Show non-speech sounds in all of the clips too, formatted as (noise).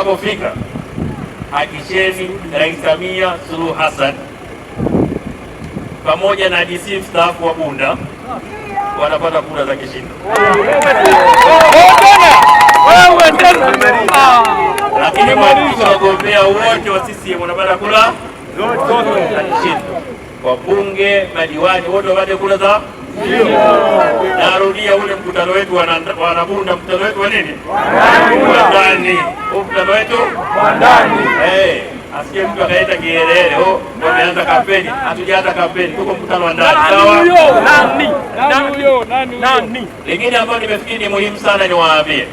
mtakapofika, hakisheni Rais Samia Suluhu Hassan pamoja na DC mstaafu wa Bunda wanapata kura za kishindo. Lakini mwanisha wagombea wote wa CCM wanapata kura za kishindo, wabunge, madiwani wote wapate kura za Narudia ule mkutano wetu Wanabunda, mkutano wetu wa nini? Wa ndani. Mkutano wetu wa ndani. Eh, asikie mtu akaita kielele, oh, wameanza kampeni. Hatujaanza kampeni, tuko mkutano wa ndani. Sawa? Nani? Nani? Nani? Lingine ambalo nimefikiri ni muhimu sana niwaambie.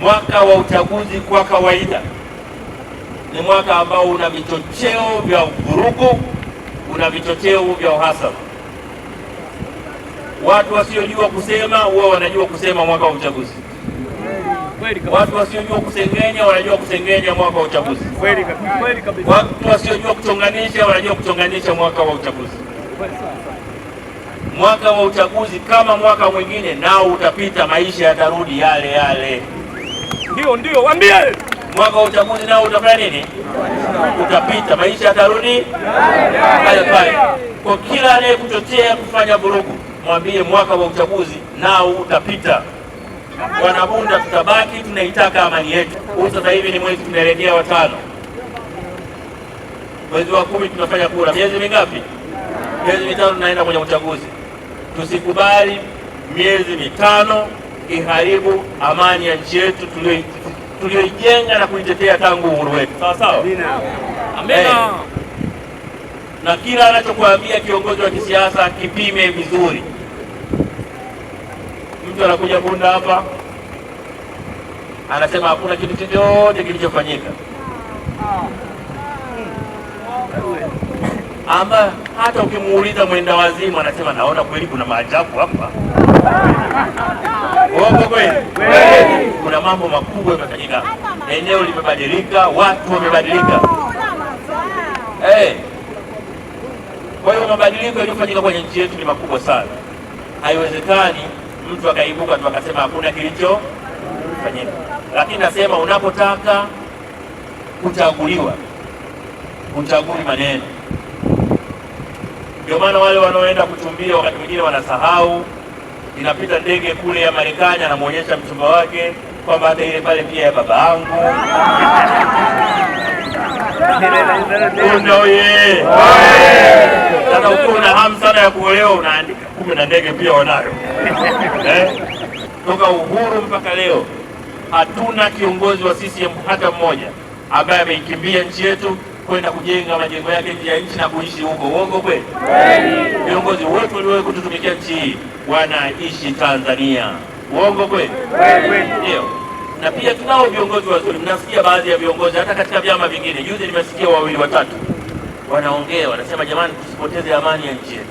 Mwaka wa uchaguzi kwa kawaida ni mwaka ambao una vichocheo vya vurugu, una vichocheo vya uhasama. Watu wasiojua kusema huwa wanajua kusema mwaka wa uchaguzi. Watu wasiojua kusengenya wanajua kusengenya mwaka wa uchaguzi. Watu wasiojua kuchonganisha wanajua kuchonganisha mwaka wa uchaguzi. Mwaka wa uchaguzi kama mwaka mwingine nao utapita, maisha yatarudi yale yale. Ndio, ndio, waambie mwaka wa uchaguzi nao utafanya nini? Utapita, maisha yatarudi pale pale. Kwa kila anayekuchochea kufanya vurugu mwambie mwaka wa uchaguzi nao utapita. Wanabunda tutabaki tunaitaka amani yetu. Huu sasa hivi ni mwezi tunaelekea watano, mwezi wa kumi tunafanya kura, miezi mingapi? Miezi mitano, tunaenda kwenye uchaguzi. Tusikubali miezi mitano iharibu amani ya nchi yetu tuliyoijenga na kuitetea tangu uhuru wetu, sawa sawa. Hey. Na kila anachokuambia kiongozi wa kisiasa kipime vizuri mtu anakuja Bunda hapa anasema hakuna kitu chochote kilichofanyika, ama hata ukimuuliza mwenda wazimu anasema naona kweli kuna maajabu hapa. Uongo kweli? Kuna mambo makubwa yamefanyika, eneo limebadilika, watu wamebadilika. Hey. Eh. Kwa hiyo mabadiliko yaliyofanyika kwenye nchi yetu ni makubwa sana, haiwezekani mtu akaibuka tu akasema hakuna kilichofanyika. Lakini nasema unapotaka kuchaguliwa, uchaguli maneno. Ndio maana wale wanaoenda kuchumbia wakati mwingine wanasahau. Inapita ndege kule ya Marekani, anamwonyesha mchumba wake kwamba hata ile pale pia ya baba yangu unoye (laughs) sana, uko na hamu sana ya kuolewa, unaandika kumbe na ndege pia wanayo (laughs) eh? Toka uhuru mpaka leo hatuna kiongozi wa CCM hata mmoja ambaye ameikimbia nchi yetu kwenda kujenga majengo yake nje ya nchi na kuishi huko. Uongo kweli? Viongozi wote waliowahi kututumikia nchi hii wanaishi Tanzania. Uongo kweli? Ndio. Na pia tunao viongozi wazuri, mnasikia baadhi ya viongozi hata katika vyama vingine. Juzi nimesikia wawili watatu wanaongea wanasema, jamani, tusipoteze amani ya nchi yetu.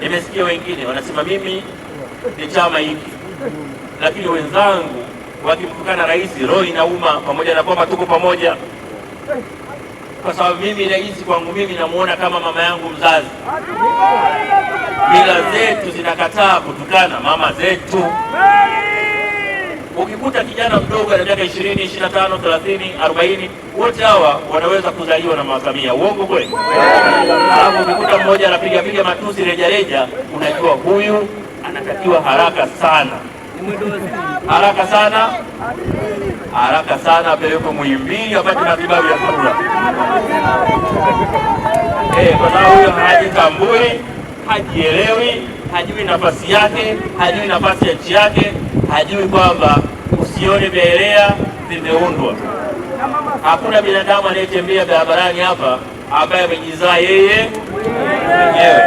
Nimesikia wengine wanasema mimi ni chama hiki, lakini wenzangu wakimtukana rais, roho inauma, pamoja na kwamba tuko pamoja, kwa sababu mimi rais kwangu mimi namuona kama mama yangu mzazi. Mila zetu zinakataa kutukana mama zetu. Ukikuta kijana mdogo ana miaka 20, 25, 30, arobaini wote hawa wanaweza kuzaliwa na makamia. Uongo kweli? Alafu ukikuta mmoja anapiga piga matusi rejareja, unajua huyu anatakiwa haraka sana, haraka sana, haraka sana apelekwe Muhimbili apate matibabu ya dharura eh, kwa sababu huyo hajitambui, hajielewi, hajui nafasi yake, hajui nafasi ya nchi yake hajui kwamba usione vielea vimeundwa. Hakuna binadamu anayetembea barabarani hapa ambaye amejizaa yeye mwenyewe.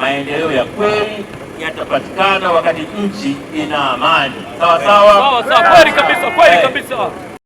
Maendeleo ya kweli yatapatikana wakati nchi ina amani. Sawa sawa, kweli kabisa, kweli eh. kabisa.